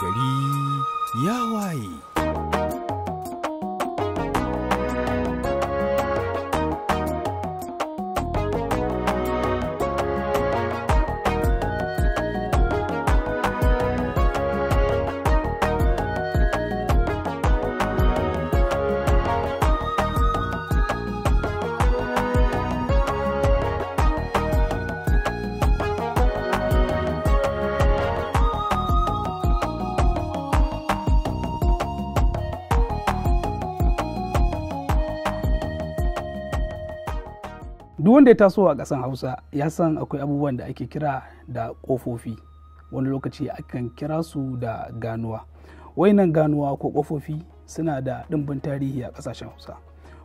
j a d i ya w a y wanda ya taso a ƙasan hausa ya san akwai abubuwan da ake kira da ƙofofi wani lokaci akan kira su da ganuwa wayannan ganuwa ko ƙofofi suna da ɗimbin tarihi a ƙasashen hausa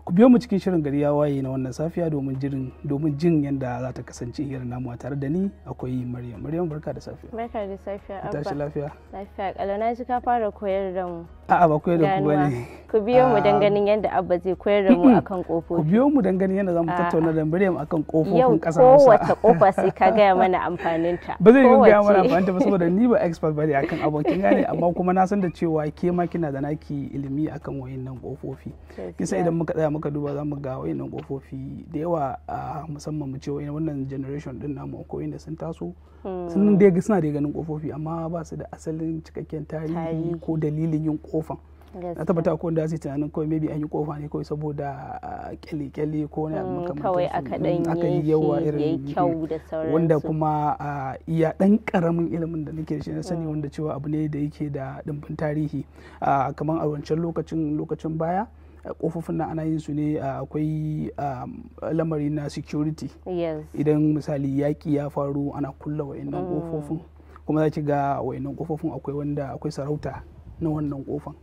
ku biyo mu cikin shirin gari ya waye na wannan safiya domin domin jin yadda za ta kasance hira namu tare da ni akwai Maryam Maryam barka da safiya barka da safiya abba tashi lafiya lafiya kalau na ji ka fara koyar da mu a'a ba koyar da ku bane ku biyo mu dan ah. ganin yadda abba zai koyar da mu hmm. akan kofofi ku biyo mu dan ganin yadda zamu ah. tattauna da Maryam akan kofofin kasa ko yau kowace kofa sai ka gaya mana amfanin ta ba zai yi gaya mana amfanin ta ba saboda ni ba expert bane akan abokin gane amma kuma na san da cewa ke ma kina da naki ilimi akan wayannan kofofi kisa idan muka tsaya muka duba za mu ga wayannan kofofi da yawa a musamman mu ce wannan generation din namu ko inda sun taso sun hmm. dai suna da ganin kofofi amma ba su da asalin cikakken tarihi ko dalilin yin kofan na tabbata ko da zai tunanin kawai maybe an yi kofa ne kawai saboda kyale-kyale ko wani abu hmm, makamantar hmm, aka yi yawa irin wanda kuma iya dan karamin ilimin da nake shi na sani wanda cewa abu ne da yake da dimbin tarihi kamar a wancan lokacin lokacin baya kofofin nan ana yin su ne akwai lamari na security idan misali yaƙi ya faru ana kulla wa'annan mm. kofofin kuma za ki ga wa'annan kofofin akwai wanda akwai sarauta na wannan kofan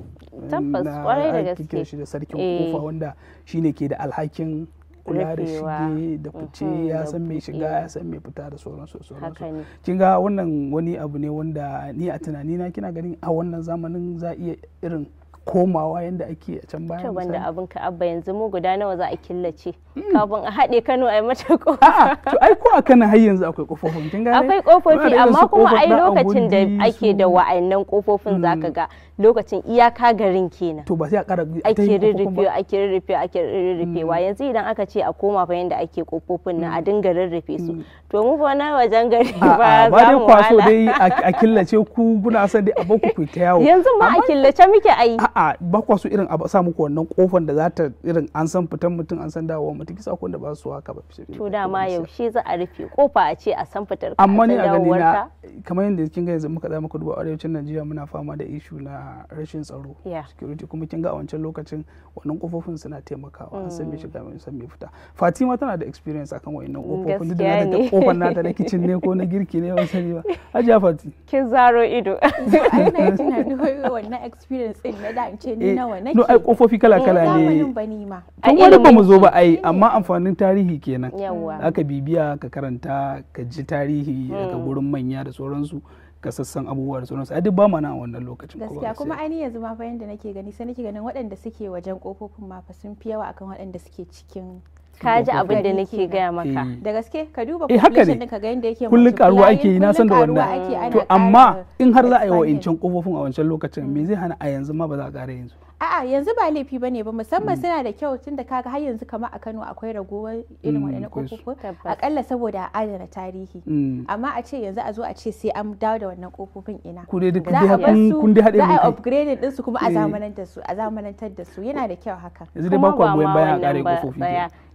na kike shi da sarkin kofa eh. wanda shine ke da alhakin kula da shige da mm-hmm, fice ya san mai shiga ya san mai fita da sauransu sauransu kin ga wannan wani abu ne wanda ni a tunanina kina ganin a wannan zamanin za iya irin komawa yadda ake a can baya wanda abin ka abba yanzu mu guda nawa za a killace hmm. kafin a haɗe Kano a yi mata kofa to ai ko a Kano har yanzu akwai kofofin kin gane akwai kofofi amma kuma ai lokacin da ake da wa'annan kofofin zaka hmm. ga lokacin iyaka garin kenan to ba sai a kara ake rurrufe ake rurrufe ake hmm. wa yanzu idan aka ce a koma fa yanda ake kofofin nan a hmm. dinga rurrufe su hmm. to mu fa na wajen gari ba za mu kwaso dai a killace ku kuna san dai abin ku ta yawo yanzu ma a killace muke ayi a'a ba kwaso irin a sa muku wannan kofan da za ta irin an san fitan mutum an san dawowa mutum kisa ko da ba su haka ba to dama yaushe za a rufe kofa a ce a san fitar amma ni a gani na kamar yanda kin ga yanzu muka za muka duba arewacin Najeriya muna fama da issue na rashin tsaro security kuma kin ga a wancan lokacin wannan kofofin suna taimakawa an san me mm. shiga mai san me fita Fatima tana da experience akan wayannan kofofin duk da ta kofar nata na kitchen ne ko na girki ne ban sani ba Hajiya Fati kin zaro ido ai na tunani wannan experience din na da ce ni eh, nawa nake no ai kofofi kala kala eh, ne tun wani ba mu zo ba ai amma amfanin tarihi kenan aka bibiya ka karanta ka ji tarihi daga mm. gurin manya da sauransu gasassan abubuwa da sauransu a duk ba mana a wannan lokacin gaskiya kuma ainihin yanzu ma fa yanda nake gani sai nake ganin waɗanda suke wajen kofofin ma fa sun fi yawa akan waɗanda suke cikin ka ji abin da nake gaya maka eh. da gaske ka duba eh, population ka ga yanda yake kullun karuwa ake yi na san da wannan to amma in har za a yi wa'incin kofofin a wancan lokacin me zai hana a yanzu ma ba za a ƙara yanzu a'a yanzu ba laifi bane ba musamman mm. suna da kyau tun da kaga har yanzu kamar a Kano akwai ragowar irin mm, waɗannan kofofin akalla saboda adana tarihi mm. amma a ce yanzu a zo a ce sai an dawo da wannan kofofin ina ku dai duk kun dai haɗe za a upgrade din su kuma a eh. zamanantar su a zamanantar da su yana da kyau haka yanzu dai ba ku goyen baya a kare kofofi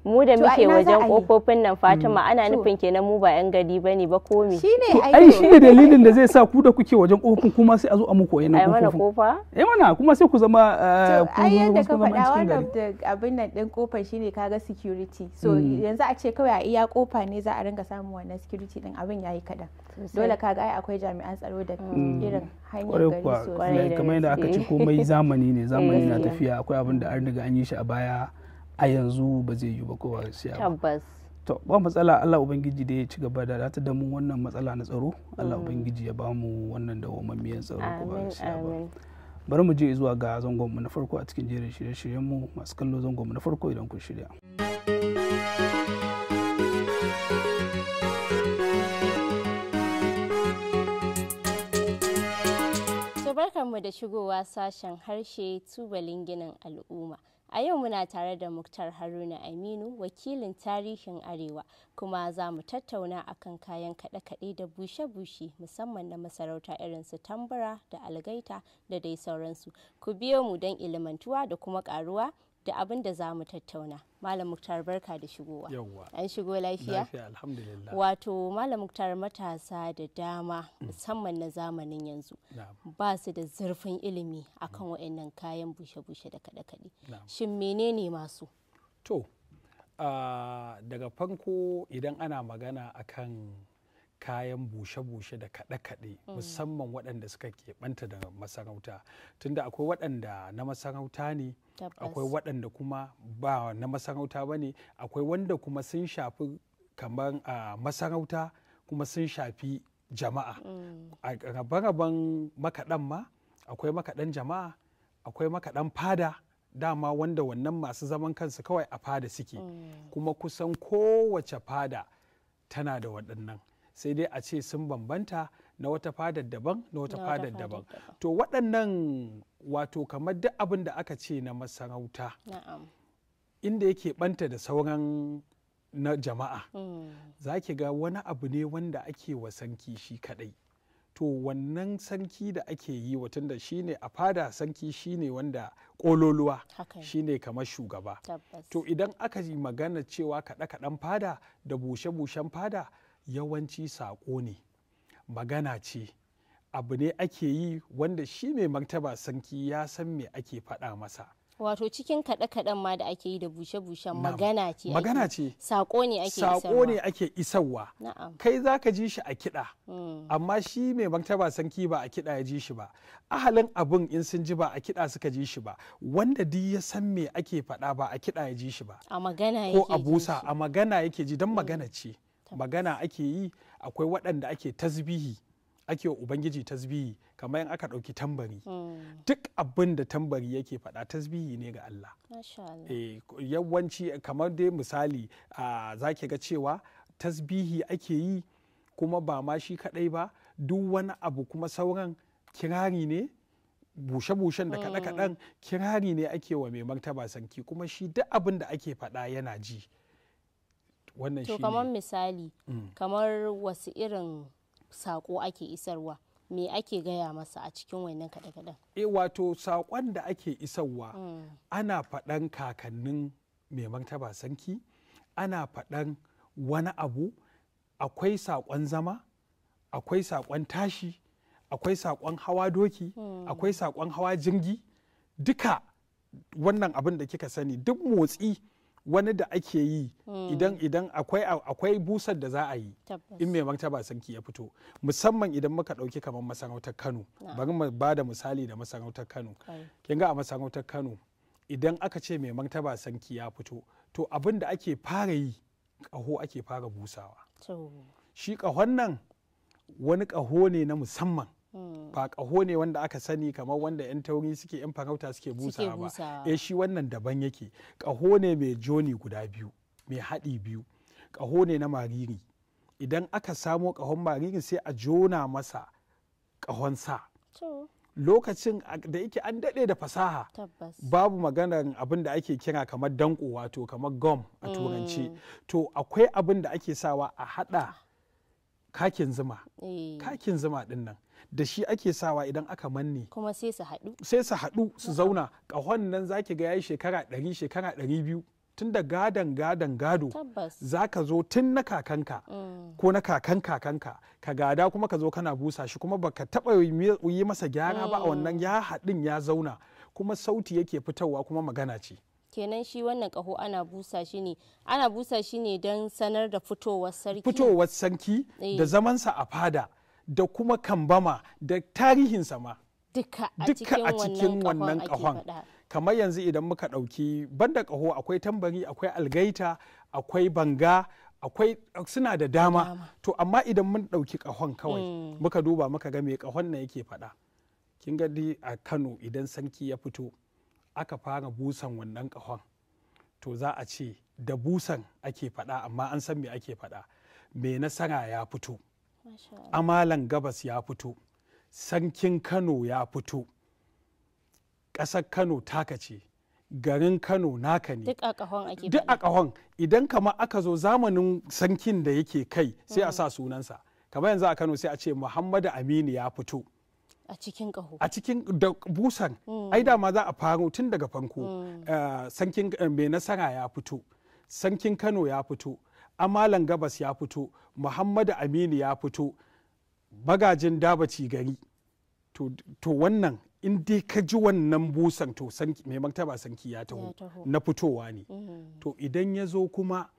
mu da muke wajen kofofin nan Fatima mm. ana nufin kenan mu ba yan gari bane ba ko me shine ai shine dalilin da zai sa ku da kuke wajen kofofin kuma sai a zo a muku wayan kofofin ai mana kofa eh mana kuma sai ku zama eh, ku ai yanda ka faɗa of the abin nan din kofar shine kaga security so mm. yanzu a ce kawai a iya kofa ne za a ringa samun wannan security din abin yayi kadan dole kaga ai akwai jami'an tsaro da mm. irin hanyar gari sosai kamar yadda aka ce komai zamani ne zamani na tafiya akwai abin da an riga an yi shi a baya a yanzu ba zai yi ba kowa ba siya tabbas ba matsala Allah ubangiji da ya ci gaba da data da mu wannan matsala na tsaro Allah mm. ubangiji ya ba mu da dawwammamin tsaro kowa ba siya ba bari mu je zuwa ga zangon mu na farko a cikin jerin shirye-shiryen mu masu kallo zangon mu na farko idan kun shirya barkanmu da shigowa sashen harshe tubalin ginin al'umma A yau muna tare da Muktar Haruna Aminu, wakilin tarihin Arewa, kuma za mu tattauna akan kayan kaɗe-kaɗe da bushe-bushe musamman na masarauta irin su tambura da algaita da dai sauransu. Ku biyo mu don ilimantuwa da kuma ƙaruwa da abin da za mu tattauna malam muktar barka da shigowa an shigo lafiya wato malam muktar matasa da dama musamman na zamanin yanzu ba su da zurfin ilimi akan waɗannan kayan bushe-bushe da kaɗe-kaɗe shin menene masu to ah, daga fanko idan ana magana akan kayan bushe-bushe da kaɗe-kaɗe mm. musamman waɗanda suka keɓanta da masarauta tunda akwai waɗanda na masarauta ne akwai waɗanda kuma ba na masarauta ba ne akwai wanda kuma sun shafi kamar a masarauta kuma sun shafi jama'a mm. a rabe-raben makaɗan ma akwai makaɗan jama'a akwai makaɗan fada dama wanda wannan masu zaman kansu kawai a fada suke mm. kuma kusan kowace fada tana da waɗannan sai dai a ce sun bambanta na wata fadar daban na wata fadar daban to waɗannan wato kamar duk abin da aka ce na masarauta inda yake banta da sauran na jama'a mm. za ki ga wani abu ne wanda ake wa sanki shi kadai to wannan sanki da ake yi watan da shine a fada sanki shi ne wanda kololuwa shi ne kamar shugaba to idan aka yi magana cewa kaɗe-kaɗen fada da bushe-bushen fada yawanci saƙo ne magana ce abu ne ake yi wanda shi mai martaba sanki ya san me ake faɗa masa wato cikin kaɗe-kaɗen ma da ake yi da bushe-bushen magana ce magana ce saƙo ne ake saƙo ne ake isarwa kai za ka ji shi a kiɗa hmm. amma shi mai martaba sanki ba a kiɗa ya ji shi ba ahalin abun in sun ji ba a kiɗa suka ji shi ba wanda duk ya san me ake faɗa ba a kiɗa ya ji shi ba a magana ko a busa a magana yake ji don hmm. magana ce magana ake yi akwai waɗanda ake tasbihi ake wa ubangiji tasbihi kamar in aka ɗauki tambari hmm. duk abin da tambari yake faɗa tasbihi ne ga Allah eh, yawanci kamar dai misali za ga cewa tasbihi ake yi kuma ba ma shi kaɗai ba duk wani abu kuma sauran kirari ne bushe-bushen da kaɗe kaɗan hmm. kirari ne ake wa mai martaba sanki kuma shi duk abin da ake faɗa yana ji wannan to kamar misali mm. kamar wasu irin sako ake isarwa me ake gaya masa a cikin wannan kaɗe-kaɗen e wato saƙon da ake isarwa mm. ana faɗan kakannin mai martaba sanki ana faɗan wani abu akwai saƙon zama akwai saƙon tashi akwai saƙon hawa doki mm. akwai sakon hawa jirgi duka wannan abin da kika sani duk motsi wani da ake yi hmm. idan idan akwai akwai busar da za a yi in mai martaba sarki ya fito musamman idan muka ɗauki kamar masarautar kano bari mu ba da misali da masarautar kano kin a masarautar kano idan aka ce mai martaba sarki ya fito to abin da ake fara yi Kaho ake fara busawa shi kahon nan wani kaho ne na musamman Mm. ba kaho ne wanda aka sani kamar wanda 'yan tauri suke 'yan farauta suke busa ba eh shi wannan daban yake ƙaho ne mai joni guda biyu mai haɗi biyu ƙaho ne na mariri idan aka samo kahon mariri sai a jona masa ƙahon sa lokacin da yake an daɗe da fasaha babu maganar abin da ake kira kamar danko wato kamar gom a turanci mm. to akwai abin da ake sawa a haɗa ah. kakin zuma eh. kakin zuma ɗin da shi ake sawa idan aka manne kuma sai su haɗu sai su haɗu su zauna ƙahon nan zaki ga yayi shekara ɗari shekara ɗari biyu tun da gadon gadon gado za ka zo tun na kakanka mm. ko na kakan kakanka ka gada kuma ka zo kana busa shi kuma baka taɓa yi masa gyara ba a mm. wannan ya haɗin ya zauna kuma sauti yake fitowa kuma magana ce kenan shi wannan kaho ana busa shi ne ana busa shi ne don sanar da fitowar sarki fitowar sarki da eh. zamansa a fada da kuma kambama da tarihin sama. duka a cikin wannan kahon kamar yanzu idan muka ɗauki banda kaho akwai tambari akwai algaita akwai banga akwai suna da dama, to amma idan mun ɗauki kahon kawai mm. muka duba muka ga me kahon na yake faɗa kin ga gadi a kano idan sarki ya fito aka fara busan wannan kahon to za a ce da busan ake faɗa amma an san me ake faɗa me nasara ya fito amalan gabas ya fito Sankin kano ya fito ƙasar kano taka ce garin kano naka ne duk a ƙahon idan kama aka zo zamanin sankin da yake kai sai a sa mm. sunansa kamar yanzu a kano sai a ce muhammadu aminu ya fito a cikin ƙaho a cikin da busan mm. ai dama za a faro tun daga fanko mm. eh, sankin eh, mai nasara ya fito sankin kano ya fito amalan gabas ya fito muhammadu aminu ya fito bagajin dabaci gari to wannan in dai ka ji wannan busan to mai martaba sanki ya taho na fitowa ne mm. to idan ya zo kuma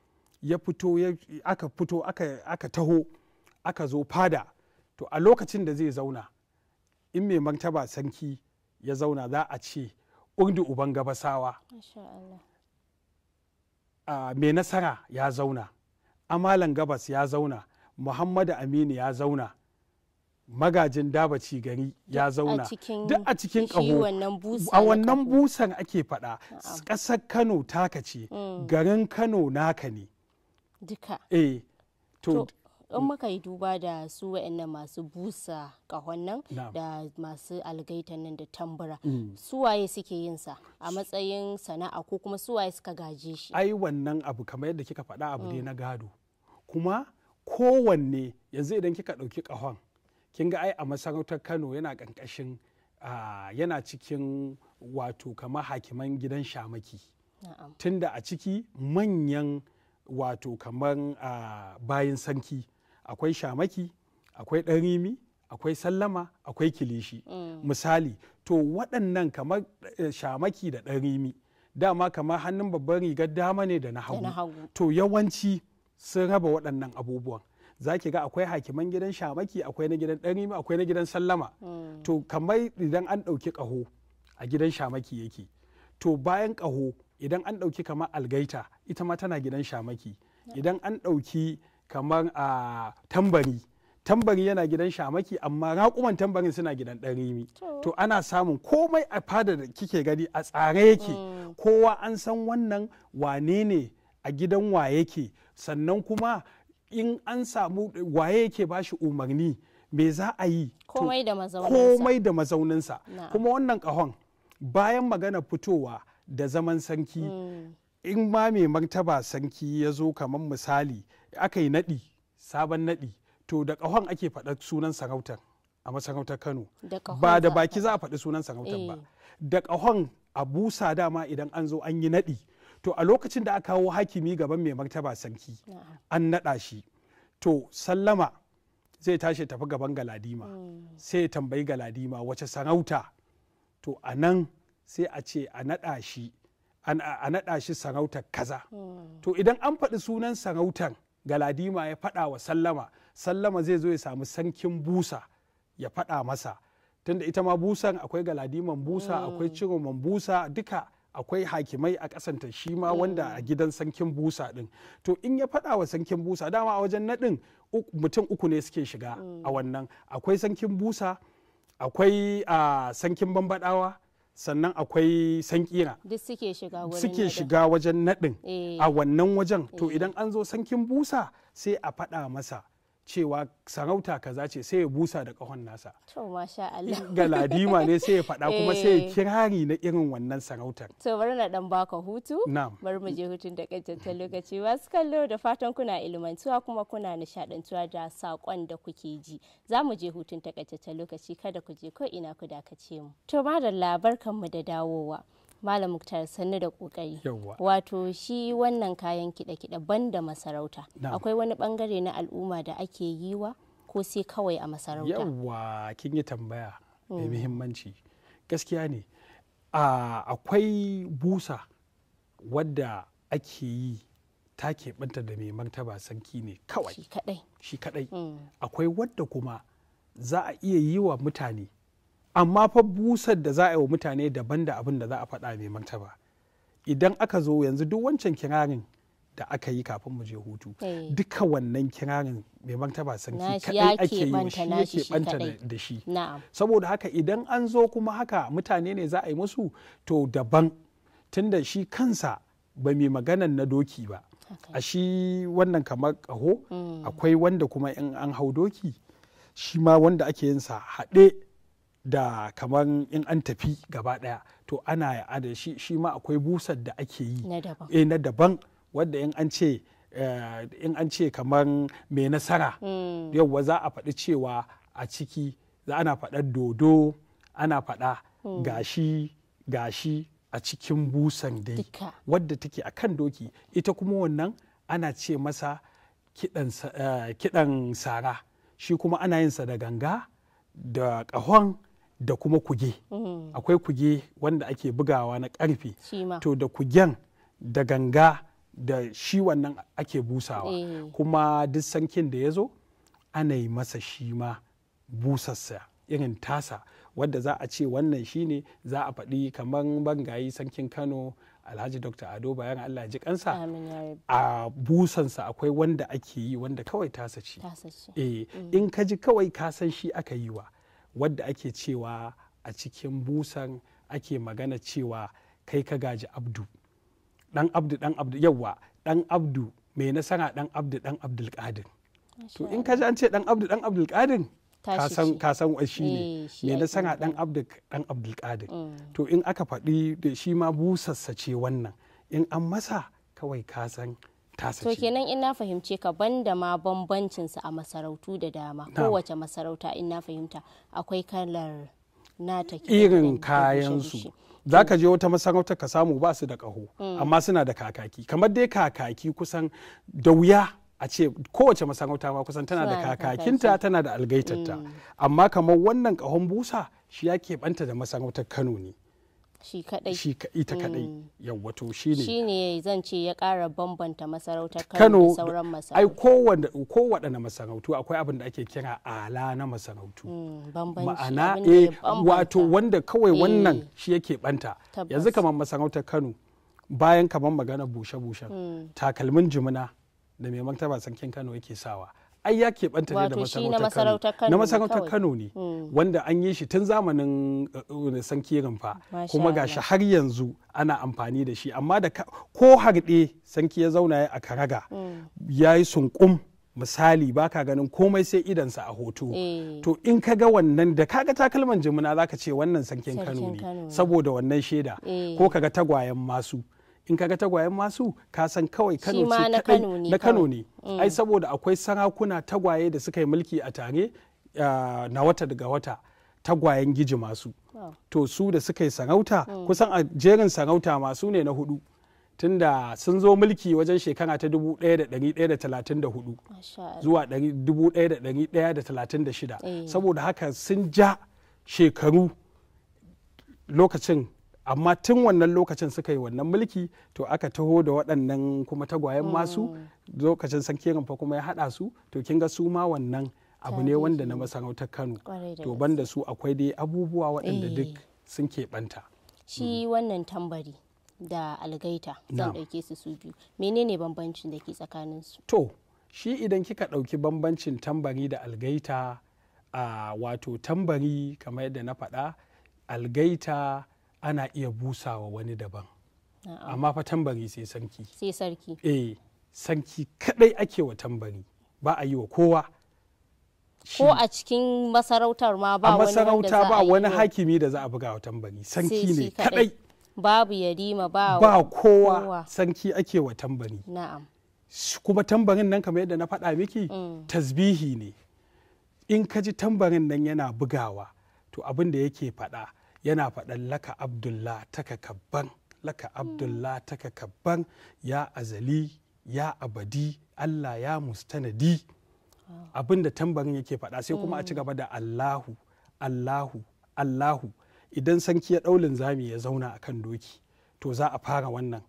ya fito aka fito aka taho aka zo fada to a lokacin da zai zauna in mai martaba sanki ya zauna za a ce urdu uban gabasawa ah, mai nasara ya zauna amalan gabas ya zauna muhammadu aminu ya zauna magajin dabaci gari ya zauna duk a cikin ƙaho a wannan busan ake fada ƙasar kano taka ce mm. garin kano naka ne duka eh, to Don muka yi duba da su wa'annan masu busa kahon nan da masu algaitan nan da tambura mm. suwaye suke yin sa a matsayin sana'a ko kuma suwaye suka gaje shi ai wannan abu kamar yadda kika faɗa abu ne mm. na gado kuma kowanne yanzu idan kika ɗauki kahon kin ga ai a masarautar Kano yana ƙanƙashin yana cikin wato kamar hakiman gidan shamaki tunda a ciki manyan wato kamar bayan sanki akwai shamaki akwai ɗan akwai sallama akwai kilishi mm. misali to waɗannan kamar eh, shamaki da ɗan dama kamar hannun babban rigar dama ne da na hagu to yawanci sun raba waɗannan abubuwan za ki ga akwai hakiman gidan shamaki akwai na gidan ɗan rimi akwai na gidan sallama mm. to kamar idan an ɗauki ƙaho a gidan shamaki yake to bayan ƙaho idan an ɗauki kamar algaita ita ma tana gidan shamaki idan an ɗauki kamar a tambari tambari yana gidan shamaki amma raƙuman tambarin suna gidan rimi. to ana samun komai a fada da kike gani a tsare yake mm. kowa an san wannan wane ne a gidan wa yake sannan kuma in an samu waye yake bashi umarni me za a yi komai da mazauninsa kuma wannan ƙahon bayan magana fitowa da zaman sarki mm. in ma mai martaba sarki ya zo kamar misali aka yi naɗi sabon naɗi to da ƙahon ake faɗa sunan sarautar a masarautar kano ba da baki za a faɗi sunan sarautar ba eh. da ƙahon a busa dama idan an zo an yi naɗi to a lokacin da aka kawo hakimi gaban mai martaba sarki an naɗa shi to sallama zai tashi tafi gaban galadima hmm. sai ya tambayi galadima wace sarauta to a nan sai a ce a naɗa shi a naɗa shi sarautar kaza hmm. to idan an faɗi sunan sarautar galadima ya faɗa wa sallama sallama zai zo ya samu sankin busa ya faɗa masa tunda ita ma busan akwai galadiman busa mm. akwai ciroman busa duka akwai hakimai a kasanta shi ma wanda a mm. gidan sankin busa din to in ya faɗa wa sankin busa dama a wajen naɗin mutum uku ne suke shiga a mm. wannan akwai sankin busa akwai ah, sankin bambaɗawa sannan akwai sankira suke shiga wajen suke shiga a eh. wannan wajen to eh. idan an zo sankin busa sai a faɗa masa cewa sarauta kaza ce sai ya busa da kahon nasa to masha Allah ga ladima ne sai ya faɗa kuma sai ya eh. kirari na irin wannan sarautar to bari na dan baka hutu Bar mu je hutun da kantan lokaci wasu kallo da fatan kuna ilmantuwa kuma kuna nishadantuwa da sakon da kuke ji za mu je hutun takaitaccen lokaci kada ku je ko ina ku dakace mu to madalla mu da dawowa malam muktar sannu da kokari wato shi wannan kayan kiɗe-kiɗe banda masarauta akwai wani bangare na al'umma da ake yi wa ko sai kawai a masarauta yawwa kin yi tambaya mai mm. muhimmanci gaskiya ne akwai busa wadda ake yi ta keɓanta da mai martaba sanki ne kawai shi kadai mm. akwai wadda kuma za a iya yi wa mutane amma fa busar da za a yi wa mutane daban da abin da za a faɗa mai martaba idan aka zo yanzu duk wancan kirarin da aka yi kafin mu je hutu eh. duka wannan kirarin mai martaba sarki kadai ake yi shi yake banta da shi saboda haka idan an zo kuma haka mutane ne za a yi musu to daban tunda shi kansa ba mai maganan na doki ba a shi wannan kamar ƙaho hmm. akwai wanda kuma in an hau doki shi ma wanda ake yinsa haɗe da kamar in an tafi gaba daya to ana ya shi ma akwai busar da ake yi na daban eh, wadda in an ce eh, in an ce kamar mai nasara mm. yauwa za a faɗi cewa a ciki za ana faɗar dodo ana faɗa mm. gashi gashi a cikin busan dai wadda take a kan doki ita kuma wannan ana ce masa kiɗan eh, sara shi kuma ana yinsa da ganga da ƙahon da kuma kuge mm. akwai kuge wanda ake bugawa na karfe to da kugen da ganga da shi wannan ake busawa eh. kuma duk sankin da ya zo ana yi masa shi ma busassa irin tasa wadda za a ce wannan shi ne za a faɗi kamar bangayi sankin kano alhaji dr ado bayan allah ji kansa a busansa akwai wanda ake yi wanda kawai tasa ce eh, mm. in ka ji kawai ka san shi aka yi wa wadda ake cewa a cikin busan ake magana cewa kai ka gaji abdu dan abdu dan abdu yawa dan abdu mai nasara dan abdu dan abdulkadir to in ka an ce dan abdu dan abdulkadir ka san shi ne mai eh, nasara dan abdu dan abdulkadir mm. to in aka faɗi da shi ma busassa ce wannan in an masa kawai ka san to kenan in na fahimce ka da ma bambancin su a masarautu da dama kowace masarauta in na fahimta akwai kalar na nata irin kayan su za ka je wata masarautar ka samu ba su da kaho. Mm. amma suna da kakaki kamar dai kakaki kusan da wuya a ce kowace masarauta ma kusan tana da kakakinta tana da algaitarta mm. amma kamar wannan ƙahon busa shi ya keɓanta da masarautar kano ne shi kadai shi ita kadai mm. yawa to shine shine zan ce ya kara bambanta masarautar Kano da sauran masarautu ai kowanne masarautu akwai abin da ake kira ala na masarautu mm, ma'ana eh wato wanda kawai eh. wannan shi yake banta yanzu kamar masarautar Kano bayan kamar magana bushe bushe. Mm. takalmin jimina da mai martaba sarkin Kano yake sawa ai ya keɓanta ne da Kano na masarautar Kano ne hmm. wanda an yi shi tun zamanin uh, uh, sankirin fa kuma ga shi har yanzu ana amfani da shi amma da ko harɗe sanki ya zauna a karaga hmm. ya yi sunkum misali ba ka ganin komai sai idansa a hoto eh. to in ka ga wannan da kaga takalman jimina ka ce wannan sankin kano ne saboda wannan shaida eh. ko ka ga tagwayen masu in kaga tagwayen masu ka san kawai kano ce na kano ne mm. ai saboda akwai sarakuna tagwaye da suka yi mulki a tare na wata daga wata tagwayen giji masu ah. to su da suka yi sarauta mm. kusan a jerin sarauta masu ne na hudu tunda sun zo mulki wajen shekara ta 1134 zuwa 1136 eh. saboda haka sun ja shekaru lokacin amma tun wannan lokacin suka yi wannan mulki to aka taho da waɗannan kuma tagwayen mm. masu lokacin sankirin fa kuma ya haɗa su to kin ga su ma wannan abu ne wanda na masarautar kano to banda su akwai dai abubuwa waɗanda duk eh. sun keɓanta shi mm. wannan tambari da algaita zan ɗauke su su biyu menene bambancin da ke tsakanin su to shi idan kika ɗauki bambancin tambari da algaita a wato tambari kamar yadda na faɗa algaita ana iya busawa wani daban amma fa tambari sai sarki sai sarki eh sarki kadai ake wa tambari ba a yi wa kowa ko a cikin masarautar ma ba wani masarauta ba wani hakimi da za a buga wa tambari sarki ne kadai babu yarima ba ba kowa sarki ake wa tambari na'am kuma tambarin nan kamar yadda na faɗa miki mm. tasbihi ne in ka ji tambarin nan yana bugawa to abin da yake faɗa yana faɗan laka abdullah taka kabban laka abdullah taka kabban ya azali ya abadi allah ya mustanadi abin da tambarin yake faɗa sai kuma a ci mm. gaba da allahu allahu allahu idan sanki ya ɗaulin zami ya zauna a kan doki to za a fara wannan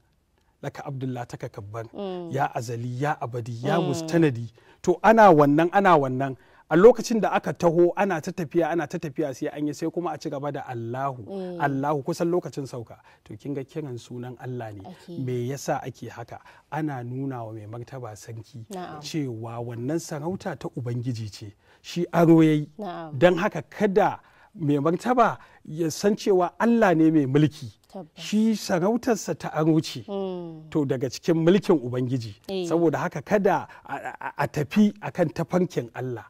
laka abdullah taka kabban mm. ya azali ya abadi ya mm. mustanadi to ana wannan ana wannan a lokacin da aka taho ana ta tafiya ana ta tafiya sai an yi sai kuma a ci gaba da Allahu mm. Allahu kusan lokacin sauka to kin ga kiran sunan Allah ne me yasa ake haka ana nuna wa mai martaba sanki. cewa wannan sarauta ta ubangiji ce shi aro yayi dan haka kada mai martaba ya san cewa Allah ne mai mulki shi sarautarsa ta aro ce mm. to daga cikin mulkin ubangiji eh. saboda haka kada a tafi akan tafankin Allah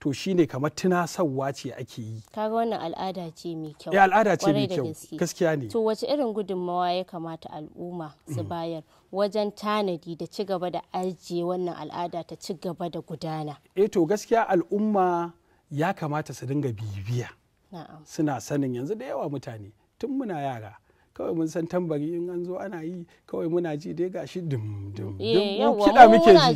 to shine kamar tunasarwa ce ake yi kaga wannan al'ada ce mai kyau Ya eh, al'ada ce mai kyau gaskiya ne to wace irin gudunmawa ya kamata al'umma su mm. bayar wajen tanadi da ci gaba da ajiye wannan al'ada ta ci gaba da gudana eh to gaskiya al'umma ya kamata su dinga bibiya na'am suna sanin yanzu da yawa mutane tun muna yara kawai mun san tambari in an zo ana yi kawai muna ji dai gashi dum dum eh, kiɗa muke ji muna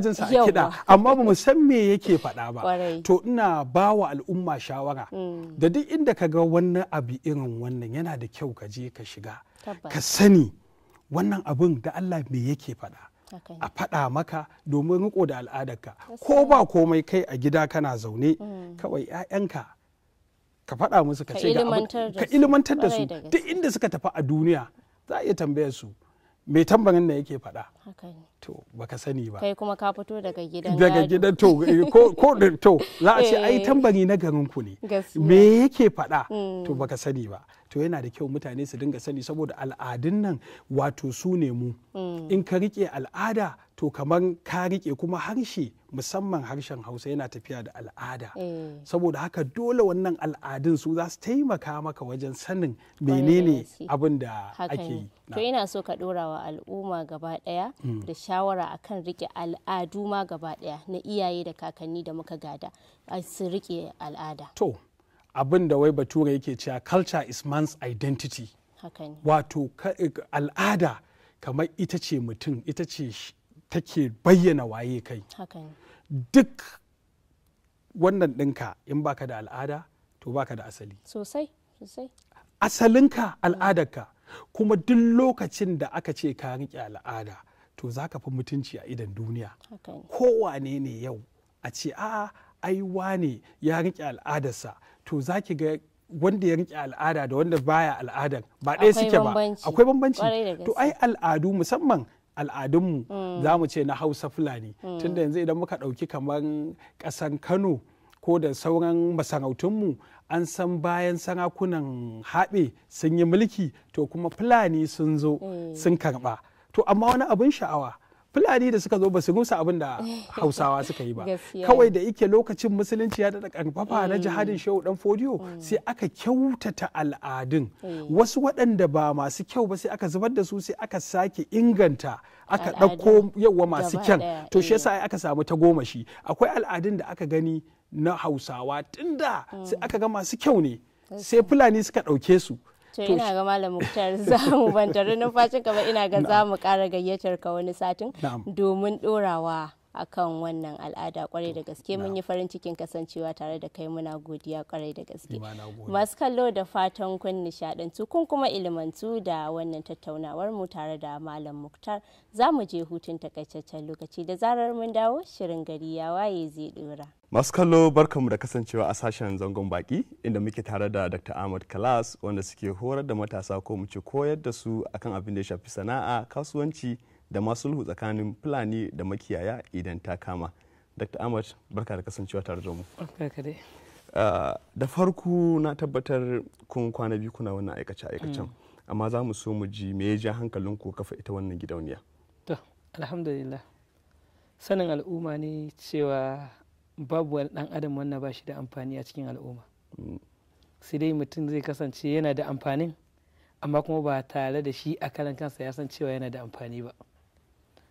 jin sa a kiɗa amma ba mu san me yake faɗa ba to ina ba wa al'umma shawara hmm. da duk inda ka ga wannan abu irin wannan yana da kyau ka je ka shiga ka sani wannan abun da Allah me yake faɗa a faɗa maka domin riko da al'adarka ko ba komai kai a gida kana zaune hmm. kawai 'ya'yanka ka faɗa musu ka ce ka ilimantar da su duk inda suka tafi a duniya za a iya tambayar su mai tambarin da yake faɗa to baka sani ba kai kuma ka fito daga gidan daga gidan to eh, ko to za a ce ai eh. tambari na garin ku ne me yake faɗa hmm. to baka sani ba to yana da kyau mutane su dinga sani saboda al'adun nan wato su ne mu hmm. in ka rike al'ada to kamar ka rike kuma harshe musamman harshen hausa yana tafiya da al'ada eh. saboda haka dole wannan al'adun su za su taimaka maka wajen sanin menene abin da ake yi to ina so ka dora wa al'umma gaba daya mm. da shawara akan rike al'adu ma gaba daya na iyaye da kakanni da muka gada su rike al'ada to abin da wai bature yake cewa culture is man's identity wato al'ada kamar ita ce mutum ita ce take bayyana waye kai duk wannan ɗinka in baka da al'ada to baka da asali sosai sosai asalinka al'adarka kuma duk lokacin da aka ce ka riƙe al'ada to za fi mutunci a idan duniya kowane ne yau a ce a ai wane ya riƙe al'adarsa to za ki ga wanda ya riƙe al'ada da wanda baya al'adar ba ɗaya suke ba akwai bambanci to ai al'adu musamman al'adunmu mm. za mu ce na hausa fulani mm. tunda yanzu idan muka ɗauki kamar ƙasan kano ko da sauran masarautunmu an san bayan sarakunan haɓe sun yi mulki to kuma fulani sun zo mm. sun karɓa to amma wani abin sha'awa fulani da suka zo ba su rusa abin da eh. hausawa suka yi ba kawai da ike lokacin musulunci ya daɗa ƙarfafa na mm. jihadin shehu dan fodiyo mm. sai aka kyautata al'adun eh. wasu waɗanda ba masu kyau ba sai aka zubar da su sai aka sake inganta aka ɗauko yawa masu kyan to shi eh. yasa aka samu ta goma shi akwai al'adun da aka gani na hausawa tunda mm. sai aka ga masu kyau ne sai fulani suka ɗauke su to ina ga malam muktar zamu ban bantare numfashin ka ba ina ga mu kara gayyatar ka wani satin domin dorawa akan wannan al'ada kwarai da gaske mun yi farin cikin kasancewa tare da kai muna godiya kwarai da gaske masu kallo da fatan kun nishadantu kun kuma ilimantu da wannan tattaunawar mu tare da malam muktar za mu je hutun takaitaccen lokaci da zarar mun dawo shirin gari ya waye zai dora masu kallo barkanmu da kasancewa a sashen zangon baki inda muke tare da dr ahmad kalas wanda suke horar da matasa ko mu ce koyar da su akan abin da ya shafi sana'a kasuwanci da ma sulhu tsakanin fulani da makiyaya idan ta kama dr ahmad barka da kasancewa tare da mu ah, da farko na tabbatar kun kwana biyu kuna wannan aikace aikacen mm. amma za mu so mu ji me ya ja hankalin ku kafa ita wannan gidauniya to alhamdulillah sanin al'umma ne cewa babu wani dan adam wannan ba shi da amfani a cikin al'umma mm. sai dai mutum zai kasance yana da amfanin amma kuma ba tare da shi a karan kansa ya san cewa yana da amfani ba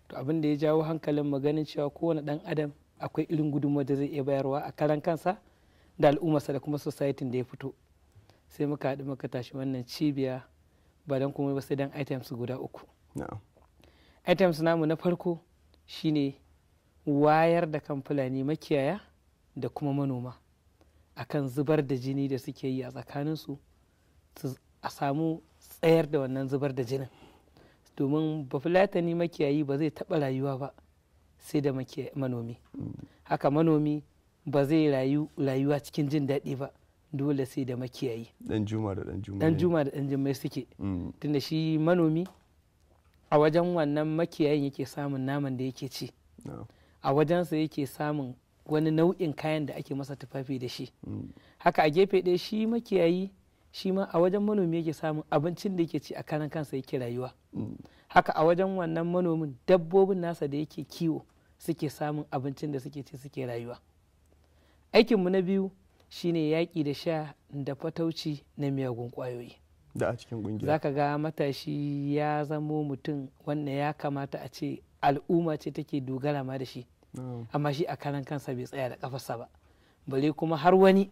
to abin da ya jawo hankalin maganin cewa kowane dan adam akwai irin gudunmawar da zai iya bayarwa a karan kansa da al'ummarsa da kuma societin da ya fito sai muka haɗu muka tashi wannan cibiya ba don kuma ba sai don items guda uku items namu na farko shine wayar da kan fulani makiyaya da kuma manoma akan zubar da jini da suke yi a tsakaninsu a samu tsayar da wannan zubar da jinin domin bafulatani makiyayi ba zai taɓa rayuwa ba sai da manomi haka manomi ba zai rayu rayuwa cikin jin daɗi ba dole sai da makiyayi dan juma da dan juma suke mm. tunda shi manomi a wajen wannan makiyayin yake samun naman da yake ci a wajensa yake samun wani nau'in kayan da ake masa tufafi da shi mm. haka a gefe ɗaya shi makiyayi shi ma a wajen manomi yake samun abincin da yake ci a kanan kansa yake rayuwa mm. haka a wajen wannan manomin dabbobin nasa da yake kiwo suke samun abincin da suke ci suke rayuwa aikinmu na biyu shine yaƙi da sha da fatauci na miyagun ƙwayoyi da a cikin ƙungiya zaka ga matashi ya zamo mutum wanda ya kamata a ce al'umma ce take dogara ma da shi oh. amma shi a kanan kansa bai tsaya da kafarsa ba bare kuma har wani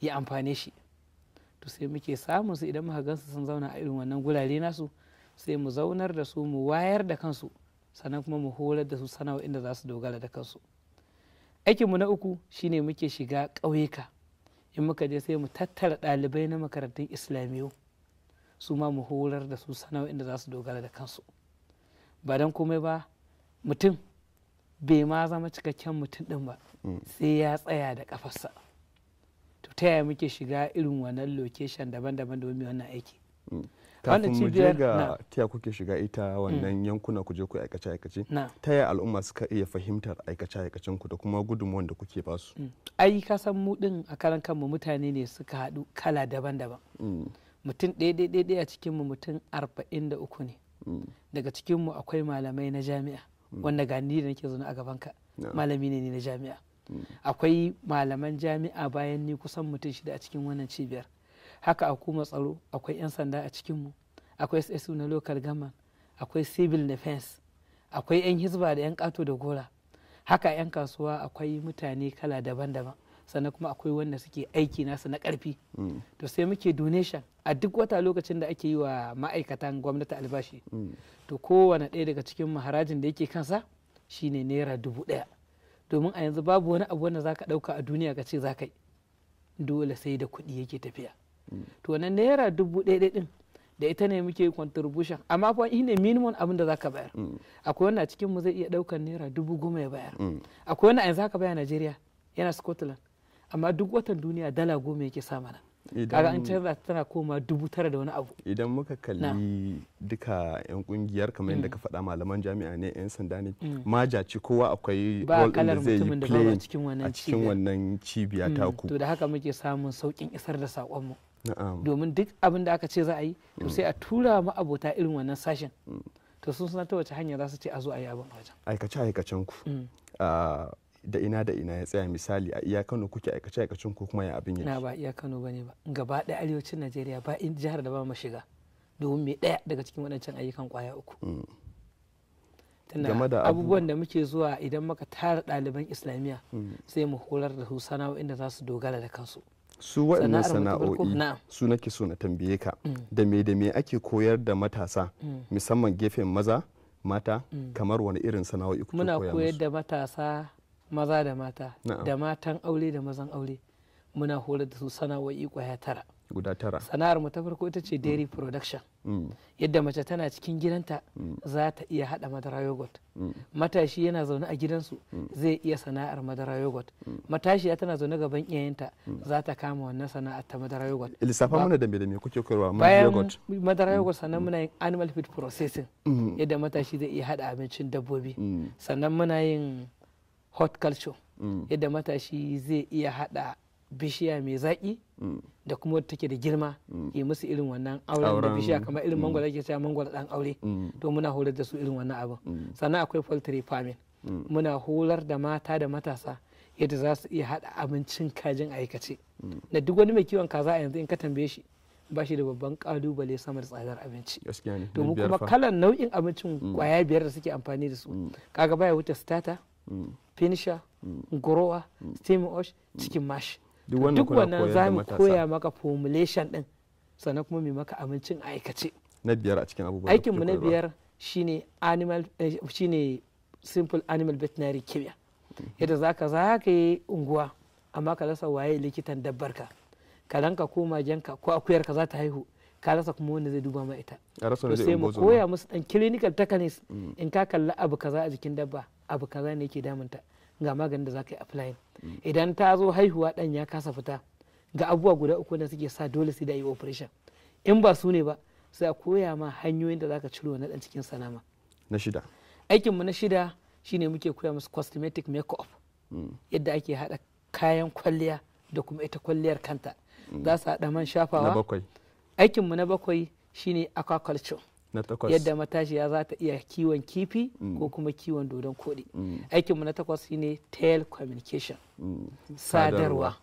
ya amfane shi to sai muke samun su idan muka gansu sun zauna a irin wannan gurare nasu sai mu zaunar da su mu wayar da kansu sannan kuma mu horar da su sanawa inda za su dogara da kansu aikinmu na uku shine muke shiga ƙauyuka in muka je sai mu tattara ɗalibai na makarantun islamiyu su ma mu horar da su sanawa inda za su dogara da kansu ba don komai ba mutum bai ma zama cikakken mutum ɗin ba mm. sai ya tsaya da kafarsa. to ta yaya muke shiga irin wannan location daban-daban domin wannan aiki mm. kafin mu je ga taya kuke shiga ita wannan mm. yankuna ku je ku aikace aikace ta yaya al'umma suka iya fahimtar aikace aikacen ku da kuma gudunmuwan da kuke ba su mm. ai ka san mu din a karan kanmu mutane ne suka haɗu kala daban-daban mutum ɗaya ɗaya ɗaya a cikin mu mutum arba'in da uku ne daga cikin mu akwai malamai na jami'a wanda ga ni da nake zaune a gaban ka malami ne na jami'a akwai malaman jami'a bayan ni kusan mutum shida a cikin wannan cibiyar haka a kuma tsaro akwai 'yan sanda a cikinmu akwai ssu na local gama. akwai civil defense akwai 'yan hizba da 'yan kato da gora haka 'yan kasuwa akwai mutane kala daban-daban sannan kuma akwai wanda suke aiki nasu na karfi mm. to sai muke donation a duk wata lokacin da ake yi wa ma'aikatan gwamnati albashi mm. to kowane ɗaya daga cikin maharajin da yake kansa shine naira dubu ɗaya domin a yanzu babu wani abu wanda zaka ɗauka a duniya ka ce za ka yi dole sai da kuɗi yake tafiya to na naira dubu ɗaya ɗin da ita ne muke contribution amma fa shi ne minimum abin da zaka bayar mm. akwai wanda cikin mu zai iya ɗaukar naira dubu goma ya bayar mm. akwai wanda a yanzu haka bayar Najeriya yana Scotland amma duk watan duniya dala goma yake sa mana kaga an canza tana koma dubu tara da wani abu idan muka kalli duka yan kungiyar kamar yadda ka mm. faɗa malaman jami'a ne yan sanda ne mm. majaci kowa akwai role da zai yi play a cikin wannan cibiya mm. ta ku to da haka muke samun saukin isar da sakon mu domin duk abin da aka ce za a yi to sai a tura ma abota irin wannan sashen to sun sanar ta wace hanya za su ce a zo a yi abin wajen aikace aikacen ku ah, da ina da ina ya tsaya misali a iya kano kuke aikace aikacin ko kuma ya abin yake na ba iya kano bane ba gaba ɗaya arewacin najeriya ba in jihar da ba mu shiga domin me ɗaya daga cikin wadancan ayyukan kwaya uku mm. Tana abubuwan da muke zuwa idan muka tara ɗaliban islamiyya mm. sai mu horar da su sana'o'in da za su dogara da kansu su waɗannan sana'o'i su nake so na tambaye ka mm. da me da me ake koyar da matasa musamman gefen maza mata kamar wani irin sana'o'i kuke koya muna koyar da matasa maza da mata da matan aure da mazan aure muna horar da su sana'o'i kwaya tara guda tara sana'ar mu ta farko ita ce mm. dairy production mm. yadda mace tana cikin gidanta mm. za ta iya hada madara yogurt matashi yana zaune a gidansu zai iya sana'ar madara yogurt Matashi tana zaune gaban iyayenta za ta kama wannan sana'ar ta madara yogurt lissafa mana da me kuke koyarwa madara yogurt madara yogurt sannan muna yin animal feed processing yadda matashi zai iya hada abincin dabbobi sannan muna yin hot culture mm. yadda matashi zai iya hada bishiya mai zaƙi mm. da kuma wadda take da girma mm. yi musu irin wannan auren da bishiya kamar irin mangwala ke cewa mangwala dan aure to muna horar da su irin wannan abin sannan akwai poultry farming muna horar da mata da matasa yadda za su iya hada abincin kajin aikace da duk wani mai kiwon kaza a yanzu in ka tambaye shi ba shi da babban kalubale sama da tsadar abinci domin kuma kalan nau'in abincin kwaya biyar da suke amfani da su kaga baya wuce starter finisher grower steaming wash, cikin mash duk wannan za mu koya maka formulation din sannan kuma mai maka amincin aikace na biyar a cikin abubuwan aikin mu na biyar shine animal eh, shine simple animal veterinary care yadda zaka za ka yi unguwa amma ka rasa waye likitan dabbar ka ka ranka ko magenka ko akuyar ka za ta haihu ka rasa kuma wanda zai duba ma ita sai mu koya musu dan clinical technique mm. in ka kalla abu kaza a jikin dabba abu kaza ne yake damunta ga maganin da za ka yi applying idan ta zo haihuwa dan ya kasa fita ga abubuwa guda uku da suke sa dole sai da yi operation in ba su ne ba sai a koya ma hanyoyin da zaka ciro na dan cikin sanama na shida aikin mu na shida shine muke koya musu cosmetic makeup mm. yadda ake hada kayan kwalliya da kuma ita kwalliyar kanta za su hada man shafawa aikin mu na bakwai shine aquaculture na takwas yadda matashiya za ta iya kiwon kifi mm. ko kuma kiwon dodon koɗi mm. aikinmu na takwas shine tail communication mm. sadarwa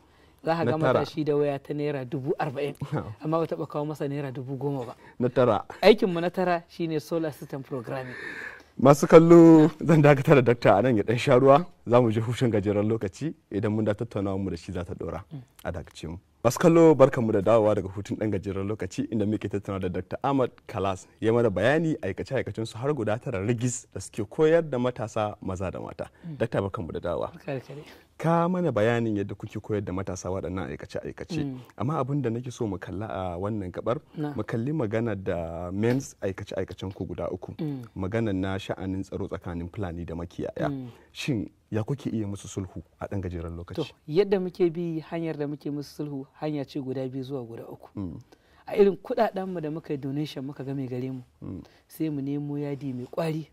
za ka ga matashi da waya ta naira dubu arba'in amma ba taɓa kawo masa naira dubu goma ba na tara aikinmu na tara shine solar system programming masu kallo zan dakatar da dakta a nan ya dan sharuwa za mu je hushin gajeren lokaci idan mun da tattaunawa mu da shi za ta dora a dakace mu baskallo kallo barkanmu da dawowa daga hutun ɗan gajeren lokaci inda muke tattauna da dr ahmad kalas ya mana bayani aikace aikacen su har guda tara rigis da suke koyar da matasa maza da mata mm. dr barkanmu da dawowa ka mana bayanin yadda kuke koyar da matasa waɗannan aikace-aikace mm. amma abin da nake so mu kalla a wannan gabar mu kalli magana da men's aikace-aikacen ku guda uku mm. magana na sha'anin tsaro tsakanin fulani da makiyaya mm. shin ya kuke iya musu sulhu a ɗan gajeren lokaci yadda muke bi hanyar da muke musu sulhu hanya ce guda biyu zuwa guda uku a irin kuɗaɗen mu da muka yi donation muka ga mai gare mu sai mu nemo yadi mai kwari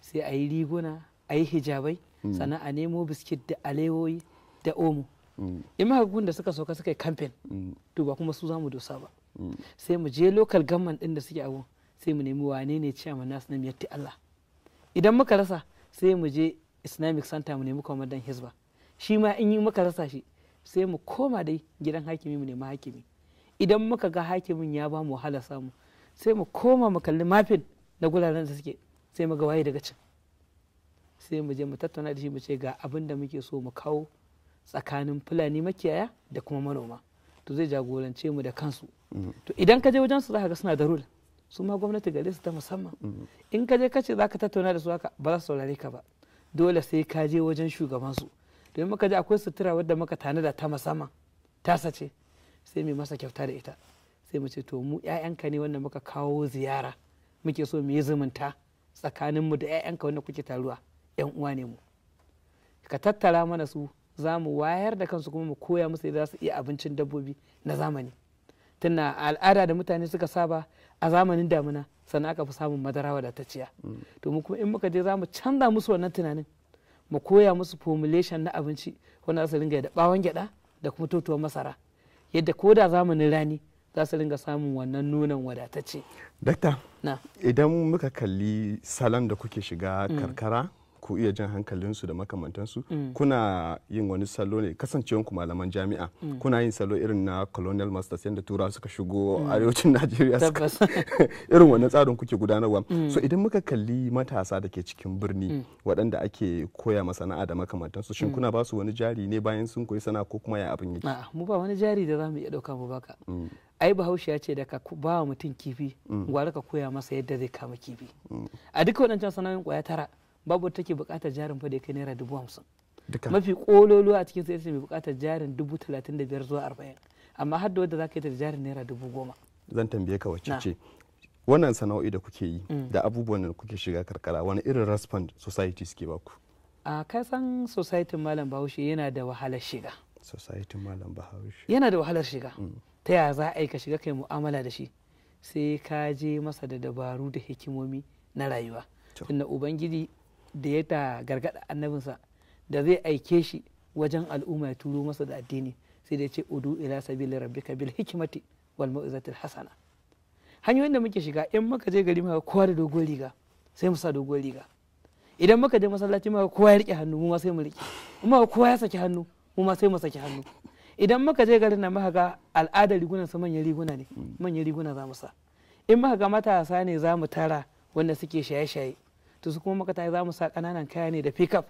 sai a yi riguna a yi hijabai mm. sannan a nemo biskit da alewoyi da omo mm. in ma da suka sauka suka yi kamfen mm. to ba kuma su zamu dosa ba sai mu je lokal gamman din da suke abu sai mu nemi wane ne ciyama nasu na Allah idan muka rasa sai mu je islamic center mu nemi kwamandan Hisba. shi ma in yi muka rasa shi sai mu koma dai gidan hakimi mu nemi hakimi idan muka ga hakimin ya ba mu wahala samu sai mu koma mu kalli mafin na guraren da suke sai mu ga waye daga can sai mu je mu tattauna da shi mu ce ga abin da muke so mu kawo tsakanin fulani makiyaya da kuma manoma to zai jagorance mu da kansu mm-hmm. to idan ka je wajen su zaka ga suna da rul su ma gwamnati gare su ta musamman mm-hmm. in ka je kace zaka tattauna da su haka ba za su saurare ka ba dole sai ka je wajen shugaban su domin muka je akwai sutura wadda muka tanada ta musamman ta sace sai mai masa kyauta da ita sai mu ce to mu ƴaƴanka ne wanda muka kawo ziyara muke so mu yi zumunta tsakaninmu da ƴaƴanka wanda kuke taruwa yan uwa ne mu ka tattara mana su za mu wayar da kansu kuma mu koya musu yadda za su iya abincin dabbobi na zamani tunda al'ada da mutane suka saba a zamanin damina sannan aka fi samun madara wadatacciya mm. to mu kuma in muka je za mu canza musu wannan tunanin mu koya musu formulation na abinci wanda za su ringa da bawon gyada da kuma totuwar masara yadda ko da zamanin rani za su ringa samun wannan nunan wadatacce dakta idan muka kalli salon da kuke shiga mm. karkara ku iya jan hankalinsu da makamantansu mm. kuna yin wani salo ne kasancewanku malaman jami'a mm. kuna yin salo irin na colonial masters yadda turawa suka shigo mm. arewacin najeriya irin wannan tsarin kuke gudanarwa so idan muka kalli matasa da ke cikin birni waɗanda ake koya masana'a da makamantansu shin kuna ba su wani jari ne bayan sun koyi sana'a ko kuma ya abin yake mu ba wani jari da zamu mu iya dauka mu baka ai bahaushe ya ce da ka ba wa mutum kifi gwara ka koya masa yadda zai kama kifi a duka waɗancan sana'o'in koya tara babu take bukatar jarin fa da kai naira dubu hamsin mafi kololo a cikin sai mai bukatar jarin dubu talatin da biyar zuwa arba'in amma har da wadda za ka yi ta jarin naira dubu goma zan tambaye ka wacce ce wannan sana'o'i da kuke yi mm. da abubuwan da kuke shiga karkara wani irin respond society suke baku a kasan society malam bahaushe yana da wahalar shiga society malam bahaushe yana da wahalar shiga mm. ta yaya za a yi ka shiga kai mu'amala da shi sai ka je masa da dabaru da hikimomi na rayuwa tunda ubangiji da ya ta gargada annabinsa da zai aike shi wajen al'umma ya turo masa da addini sai da ce udu ila sabili rabbika bil hikmati wal mau'izatil hasana hanyoyin da muke shiga in muka je gari muka kowa da dogon riga sai mu sa dogon riga idan muka je masallaci muka kowa ya rike hannu mu ma sai mu rike in muka kowa ya saki hannu mu ma sai mu saki hannu idan muka je garin nan muka ga al'adar rigunan su manyan riguna ne hmm. manyan riguna za mu sa in muka ga matasa ne za mu tara wanda suke shaye-shaye to su kuma makata za mu sa ƙananan kaya ne da pickup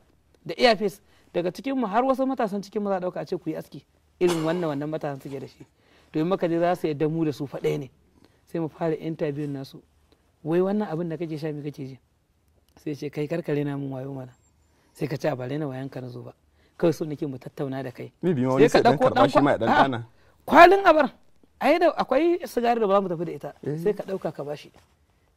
da earpiece daga cikin mu har wasu matasan cikin mu za dauka a ce ku yi aski irin wannan wannan matasan suke da shi domin maka je za su yadda mu da su faɗe ne sai mu fara interview nasu wai wannan abin da kake sha me kake ji sai ce kai karkare na mun wayo mana sai ka ce a bare na wayan ka na zo ba kai so nake mu tattauna da kai sai ka dauko dan kwalin abar ai da akwai sigari da ba mu tafi da ita eh. sai ka dauka ka bashi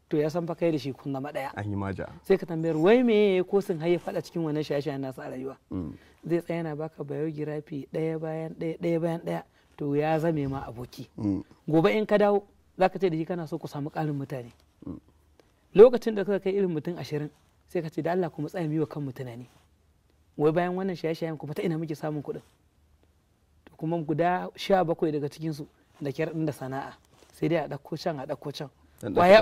to ya san fa kai da shi kun zama daya an yi maja sai ka tambayar wai me ko sun haye fada cikin wannan shaye-shayen nasu a rayuwa mm. zai tsaya na baka biography daya bayan daya daya bayan daya to ya zame ma aboki mm. gobe in ka dawo zaka ce da shi kana so ku samu karin mutane mm. lokacin da kuka kai irin mutum ashirin sai ka ce da Allah kuma tsaya miwa kanmu tunani wai bayan wannan shaye-shayen kuma ta ina muke samun kuɗin kuma guda sha bakwai daga cikinsu da kyar da sana'a sai dai a ɗauko can a ɗauko can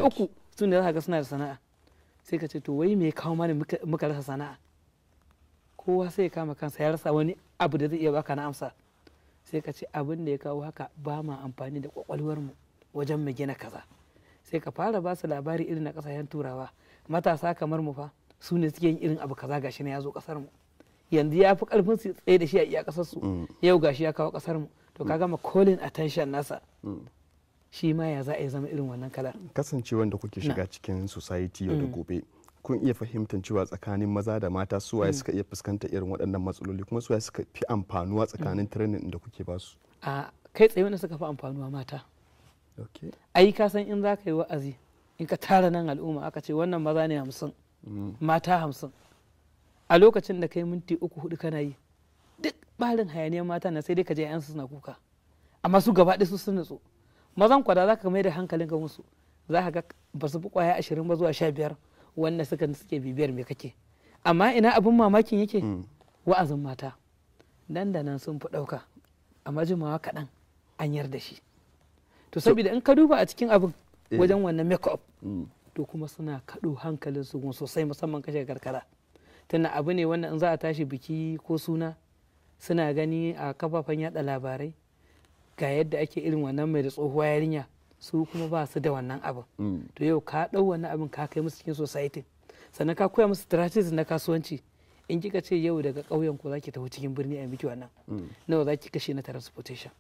uku tun da za ga suna da sana'a sai ka ce to wai me kawo mana muka rasa sana'a kowa sai ya kama kansa ya rasa wani abu da zai iya baka na amsa sai ka ce abin da ya kawo haka ba ma amfani da mu wajen mu gina kaza sai ka fara ba su labari irin na kasashen turawa matasa kamar mu fa su ne suke yin irin abu kaza gashi ne ya zo kasar mu yanzu ya fi karfin su tsaye da shi a iya kasar su mm. yau gashi ya kawo kasar mu to ka gama calling attention nasa mm. shi ma ya za a zama irin wannan kalar kasancewan da kuke shiga cikin society yau da mm. gobe kun iya fahimtar cewa tsakanin maza da mata su waye mm. suka iya fuskantar irin waɗannan matsaloli kuma su waye suka fi amfanuwa mm. tsakanin training da kuke ba su a kai tsaye wanda suka fi amfanuwa mata ai ka san in za ka yi wa'azi in ka tara nan al'umma aka ce wannan maza ne hamsin mata hamsin a lokacin da kai minti uku hudu kana yi duk barin hayaniyar mata na sai dai ka je 'yansu suna kuka amma su gaba ɗaya su sun nutsu mazan kwada za ka mai da hankalin ga musu za ka ga ba su fi kwaya ashirin ba zuwa sha biyar wanda suka suke bibiyar mai kake amma ina abin mamakin yake mm. wa'azin mata nan da nan sun fi ɗauka amma jimawa kaɗan an yarda shi to saboda in ka duba a cikin abin eh. wajen wannan make up mm. to kuma suna kaɗo hankalin su sosai musamman kashe karkara tana abu ne wanda in za a tashi biki ko suna suna gani a kafafen yada labarai ga yadda ake irin wannan mai da tsohuwa yarinya su kuma ba su da wannan abin mm. to yau ka ɗau wannan abin ka kai musu cikin society sannan ka koya musu strategies na kasuwanci in kika ce yau daga ƙauyen ku zaki tafi cikin birni a miki wannan mm. nawa zaki kashe na transportation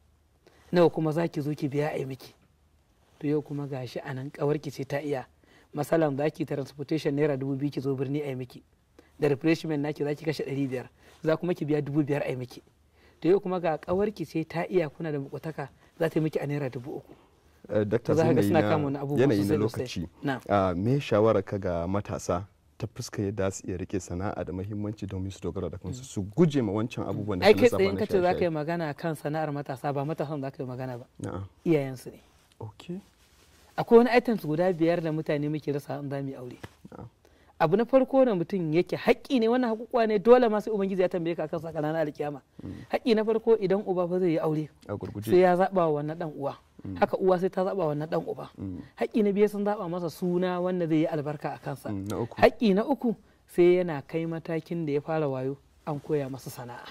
nawa kuma zaki zo ki biya a miki to yau kuma gashi a nan ƙawarki ce ta iya masalan zaki transportation naira dubu biyu ki zo birni a miki da refreshment naki zaki kashe ɗari biyar za kuma ki biya dubu biyar a miki da yau kuma ga kawarki sai ta iya kuna da makwataka za ta yi miki a naira dubu uku eh, dakta yanayi na lokaci ah, me shawara ka ga matasa ta fuska yadda su iya rike sana'a da mahimmanci domin su dogara da kansu mm. su guje ma wancan abubuwan da kana sabana kace za ka yi magana kan sana'ar matasa ba matasan za ka yi magana ba iyayen su ne okay akwai wani items guda biyar da mutane muke rasa an za mu yi aure abu na farko na mutum yake haƙƙi ne wannan haƙuƙuwa ne dole ma sai ubangiji ya tambaye ka akan sa na alƙiyama. haƙƙi na farko idan uba fa zai yi aure sai ya zaba wa wannan dan uwa mm. haka uwa sai ta zaba wannan dan uba mm. haƙƙi na biyu sun zaba masa suna wanda zai yi albarka a kansa mm, haƙƙi na uku sai yana kai matakin da ya fara wayo an koya masa sana'a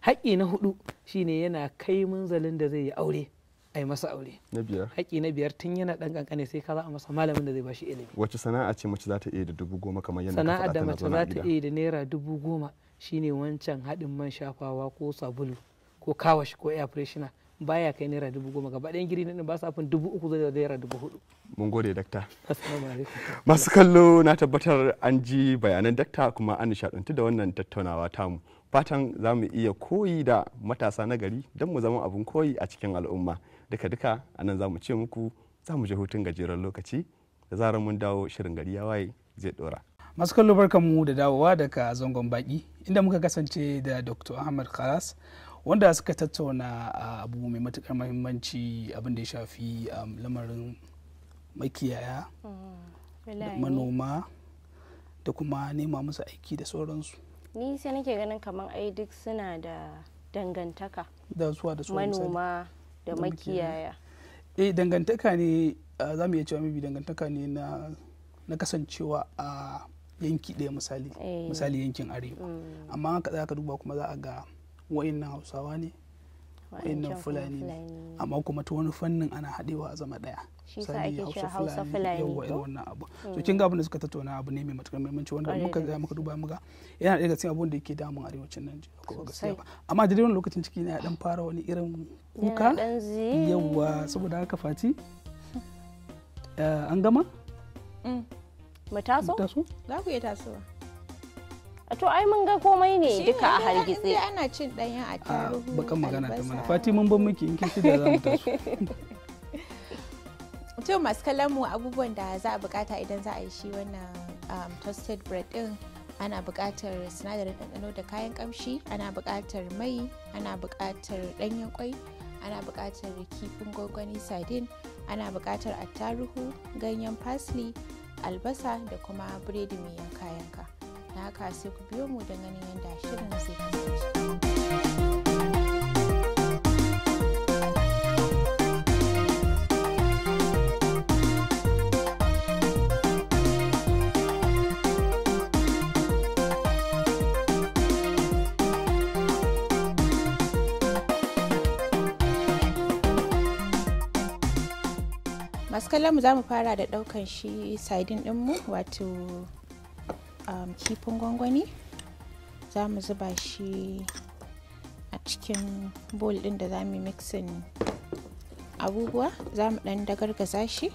haƙƙi na hudu shine yana kai munzalin da zai yi aure a yi masa aure na biyar haƙi na biyar tun yana ɗan ƙanƙane sai ka za a masa malamin da zai bashi ilimi wace sana'a ce mace za ta iya da dubu goma kamar yadda sana'a da mace za ta iya da naira dubu goma shine wancan haɗin man shafawa ko sabulu ko kawashi ko air freshener baya kai naira dubu goma gaba ɗayan giri ɗin ba sa fin dubu uku zai naira dubu hudu. mun gode dakta masu kallo na tabbatar an ji bayanan dakta kuma an nishaɗantu da wannan tattaunawa tamu fatan za mu iya koyi da matasa na gari don mu zama abin koyi a cikin al'umma duka-duka a nan za mu ce muku za mu je hutun gajeren lokaci da zarar mun dawo shirin gari ya waye zai dora. masu kallo mu da dawowa daga zangon baki inda muka kasance da dr ahmad karas wanda suka tattauna abu mai matukar mahimmanci abin da ya shafi um, lamarin makiyaya mm, da manoma da kuma nema musu aiki da sauransu ni sai nake ganin kamar ai duk suna da dangantaka da zuwa da manoma da makiyaya e dangantaka ne za mu iya cewa mabi dangantaka ne na kasancewa a yanki ɗaya misali eh. misali yankin arewa mm. amma haka za ka duba kuma za a ga wa'annan hausawa ne wa'annan fulani ne amma kuma ta wani fannin ana haɗewa a zama ɗaya shi sa ake hausa fulani yawa irin wannan abu so hmm. kin ga abin da suka tattauna abu ne mai matukar muhimmanci wanda muka ga muka duba muka. yana daga cikin abun da yake damun arewacin Najeriya ko gaskiya amma da wani lokacin ciki na dan fara wani irin kuka yawa saboda haka fati eh, an gama mm. mu taso za ku iya tasowa a to ai mun ga komai ne duka a hargitse ana cin danyen a ah, taruhu bakan magana ta mana fati mun ban miki in kin da za mu taso to masu kallon mu abubuwan da za a bukata idan za a yi shi wannan um, toasted bread din ana bukatar sinadarin ɗanɗano da kayan ƙamshi ana bukatar mai ana buƙatar ɗanyen kwai ana bukatar kifin gwangwani sardine ana bukatar attaruhu ganyen parsley albasa da kuma biredi mai yanka-yanka na haka sai ku biyo mu don ganin yadda shirin zai kasance masu kallon mu za mu fara da ɗaukan shi sardine mu wato um, kifin gwangwani za mu zuba shi a cikin bol ɗin da za mu mixin abubuwa za mu dagar dagargaza shi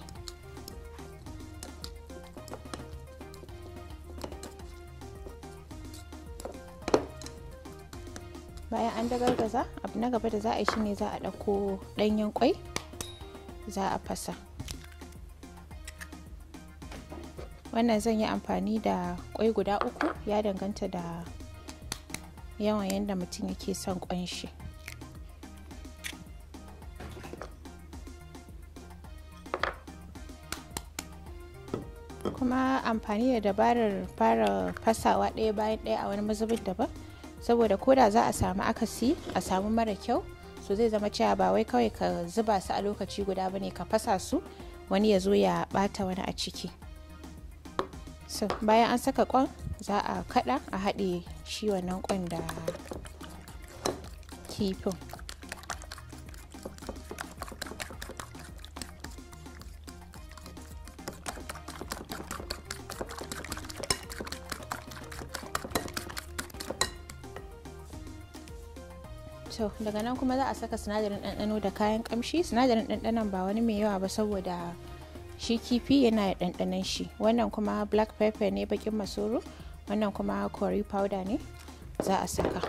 bayan an dagargaza abu na gaba da za a yi ne za a ɗauko ɗanyen kwai za a fasa wannan zan yi amfani da kwai guda uku ya danganta da yawan yadda mutum yake son kwan shi kuma amfani da dabarar fara fasawa ɗaya bayan ɗaya a wani mazubin daban saboda ko da za a samu akasi a samu mara kyau su zai zama cewa ba wai kawai ka zuba su a lokaci guda ba ne ka fasa su wani ya zo ya bata wani a ciki so bayan an saka kwan za a kada a haɗe shi wannan kwan da kifin to daga nan kuma za a saka sinadarin ɗanɗano da kayan ƙamshi sinadarin ɗanɗanon ba wani mai yawa ba saboda shi kifi yana da ɗanɗanon shi wannan kuma black pepper ne bakin masoro wannan kuma curry powder ne za a saka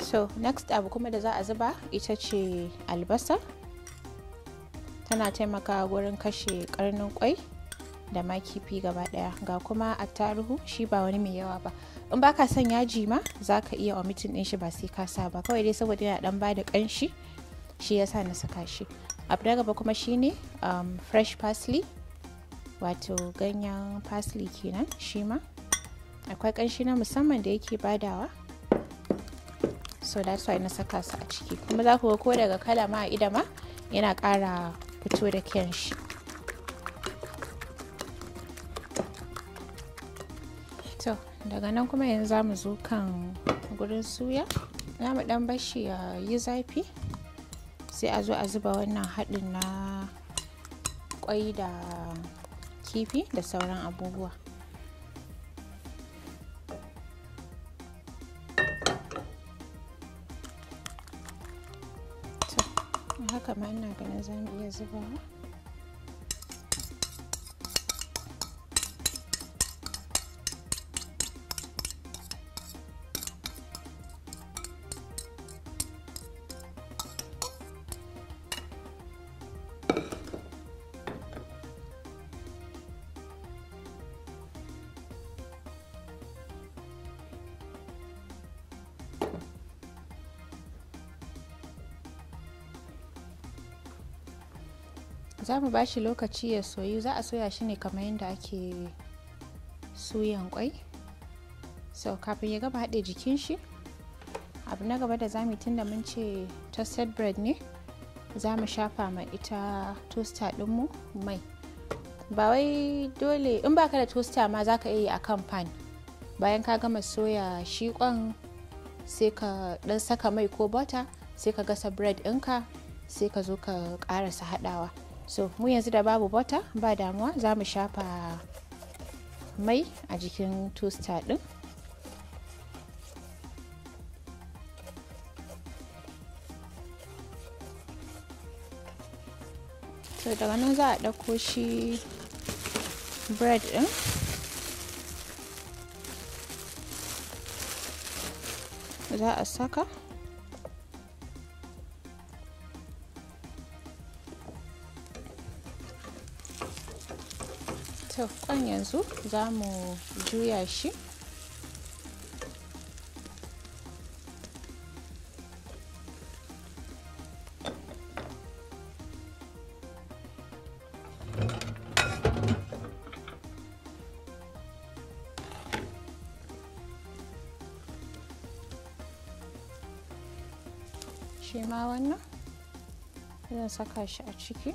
so next abu kuma da za a zuba ita ce albasa tana taimakawa wurin kashe karnin kwai da ma kifi gaba daya ga kuma attaruhu shi ba wani mai yawa ba in baka son yaji ma zaka iya omitin din shi ba sai ka sa ba kawai dai saboda yana dan bada kanshi shi yasa na saka shi abu na gaba kuma shine um, fresh parsley wato ganyen parsley kenan shi ma akwai kanshi na musamman da yake badawa so that's why na saka su a ciki kuma za ku ga ko daga kala ma a ida ma yana ƙara fito da kyan shi daga nan kuma yanzu za mu zo kan gurin suya za mu dan bashi ya yi zafi sai a zo a zuba wannan haɗin na kwai da kifi da sauran abubuwa haka ma ina ganin za iya zubawa za mu shi lokaci ya soyu za a soya shi ne kamar yadda ake suyan kwai so kafin ya gama haɗe jikin shi abu na gaba da za mu tunda mun ce toasted bread ne za mu shafa ma ita toaster ɗinmu mai ba wai dole in baka da toaster ma za ka iya yi a kan pan bayan ka gama soya shi kwan sai ka dan saka mai ko butter sai ka gasa bread ɗinka sai ka zo ka ƙarasa haɗawa so mu yanzu da babu bota ba damuwa za mu shafa mai a jikin toaster din so daga nan za a ɗauko shi bread din za a saka to kwan yanzu za mu juya shi shi ma wannan zan saka shi a ciki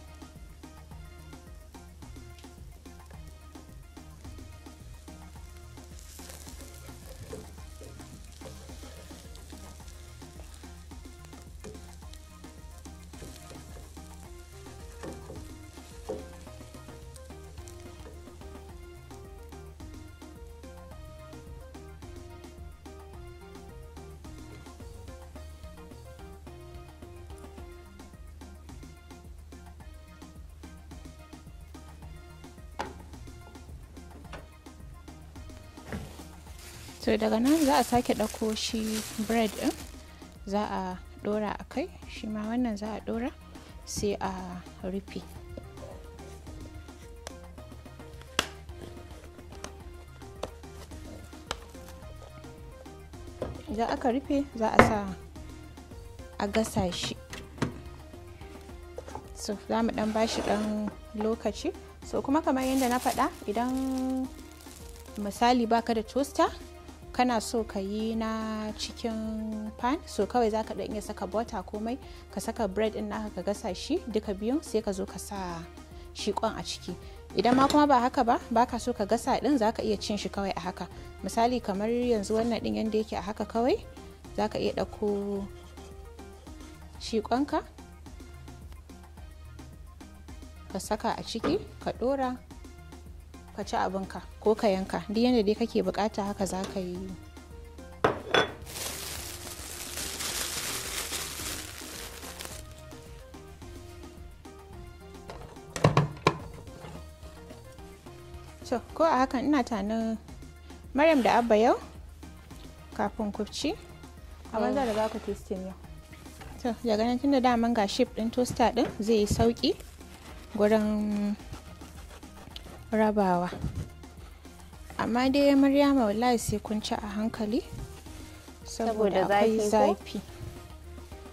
so daga nan za a sake ɗauko shi bread din za a dora a kai shi ma wannan za a dora sai a rufe idan aka rufe za a sa a gasa shi so za mu dan bashi dan lokaci so kuma kamar yadda na fada idan misali baka da toaster kana so ka yi na cikin pan so kawai za ka ɗan iya saka bota komai ka saka bread ɗin naka ka gasa shi duka biyun sai ka zo ka sa shi kwan a ciki idan ma kuma ba haka ba baka so ka gasa za ka iya cin shi kawai a haka misali kamar yanzu wannan ɗin yadda yake a haka kawai za ka iya ɗauko shi kwanka ka saka a ciki ka ɗora ka ci abinka ko ka yanka duk yadda dai kake bukata haka za ka yi ko a hakan ina tanin maryam da abba yau kafin kubci a banza da za ku yau to daga nan tun da daman ga shif din toaster din zai yi sauki gurin rabawa amma dai maryama wallahi sai kun ci a hankali saboda akwai zafi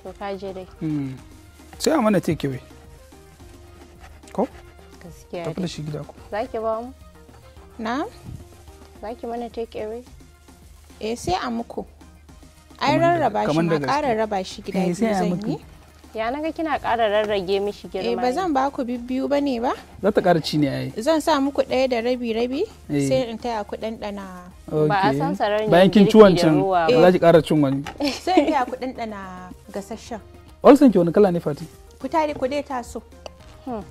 to kaje dai hmm. sai a mana take away ko gaskiya tafi shi gida ko zaki ba mu na zaki mana take away eh sai a muku ai rarraba shi ma ƙara raba shi gida eh, biyu zan yi ya naga kina kara rarrage mishi eh, girma eh ba zan ba ku bibbiyu ba ne ba za ta kara ci ne ai zan sa muku ɗaya da rabi rabi eh. sai in taya ku ɗanɗana ba a san sararin bayan kin ci wancan za ki kara cin wani sai in taya ku ɗanɗana gasasshen olsen ki wani kala ne fati ku tare ku dai taso hmm.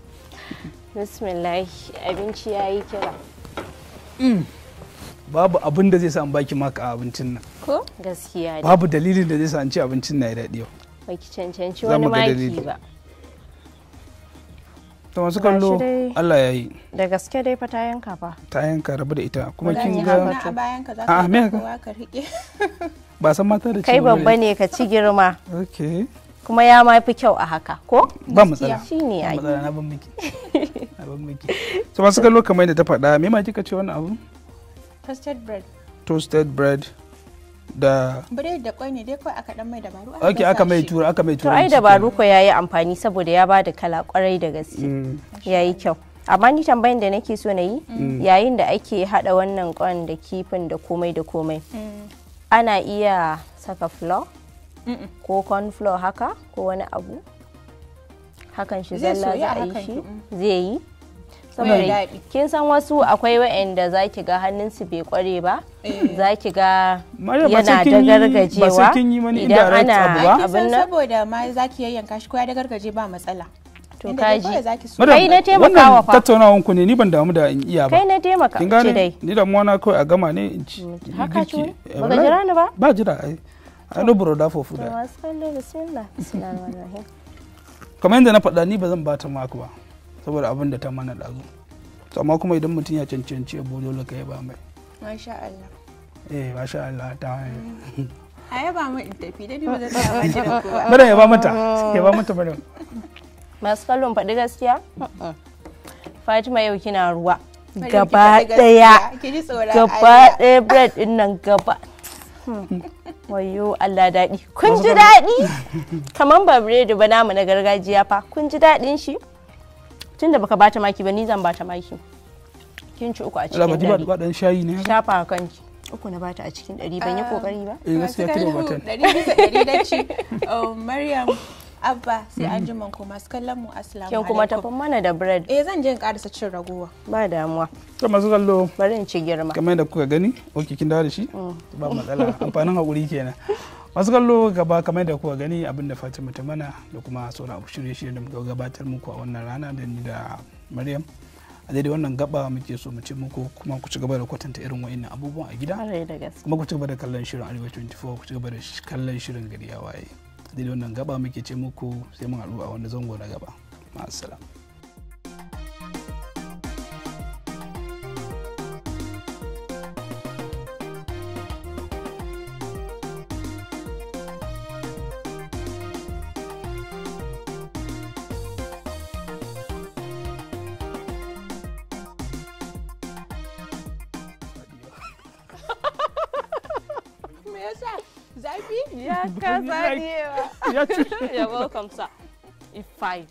bismillah abinci ya yi kira mm. babu abin da zai sa an baki maka abincin nan ko gaskiya babu dalilin da zai sa an ci abincin na ya daɗi yau baki cancanci wani maki ba to masu kallo Allah ya yi da gaske dai fa ta yanka fa ta yanka rabu da ita kuma kin ga a bayan ka za ka rike ba san mata da kai babba ne ka ci girma okay kuma ya ma fi kyau a haka ko ba matsala shi ne ya yi na ban miki na ban miki to masu kallo kamar yadda ta faɗa me ma kika ce wannan abu toasted bread toasted bread da biredi da kwai ne dai kawai aka dan mai dabaru aka aka mai tura aka mai tura to ai dabaru ko yayi amfani saboda ya bada kala kwarai da gaske mm. yayi kyau amma ni tambayin da nake so na yi mm. mm. yayin da ake hada wannan kwan da kifin da komai da komai ana iya saka flour ko corn flour haka ko wani abu hakan shi zalla za a yi shi zai yi saboda kin san wasu akwai wa'anda za ki ga hannunsu bai kware ba eh. za ki ga yana da gargajewa idan ana abin nan saboda ma za ki yayyanka shi ko ya da gargaje ba matsala to kaji kai na taimaka wa fa tattaunawan ku ne ni ban damu da in iya ba kai na taimaka kin gane ni da mu na kai a gama ne in ci haka ce ba ga jira ni ba ba jira ai alo da fofu da kamar yadda na faɗa ni ba zan bata maku ba saboda abin da ta mana ɗazu to amma kuma idan mutum ya cancanci abu dole ka yaba mai masha Allah eh masha Allah ta a yaba mai in tafi da ni ba zai ba jiran bada yaba mata yaba mata bada masu kallon faɗi gaskiya Fatima yau kina ruwa gaba daya gaba daya bread din nan gaba hmm. hmm. wayo Allah daɗi kun ji daɗi kaman ba bread ba namu na gargajiya fa kun ji daɗin shi Tun da baka bata maki ba ni zan bata maki kin ci uku a cikin dari ba ba dan shayi ne shafa kanki uku na bata a cikin dari ban yi kokari ah. ba eh gaskiya ta bata dari bisa dari dace oh, maryam abba sai mm. an jima masu kallon mu assalamu alaikum kuma tafin mana da bread eh zan je in karasa cin ragowa ba damuwa to masu kallo bari in ci girma kamar yadda kuka gani okay kin dawo da shi mm. ba matsala amfanin hakuri kenan masu kallo gaba kamar da kuka gani abinda fatima ta mana da kuma sauran abu shirye shirye da muka gabatar muku a wannan rana da ni da maryam a daidai wannan gaba muke so mu ce muku kuma ku ci gaba da kwatanta irin wa'annan abubuwan a gida kuma ku ci gaba da kallon shirin arewa 24 ku ci gaba da kallon shirin gari ya waye a daidai wannan gaba muke ce muku sai mun haɗu a wani zango na gaba ma'asalam. like ya ya welcome sir if fine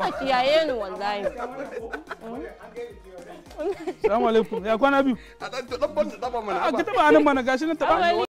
ka kiyaye alaikum ya kwana biyu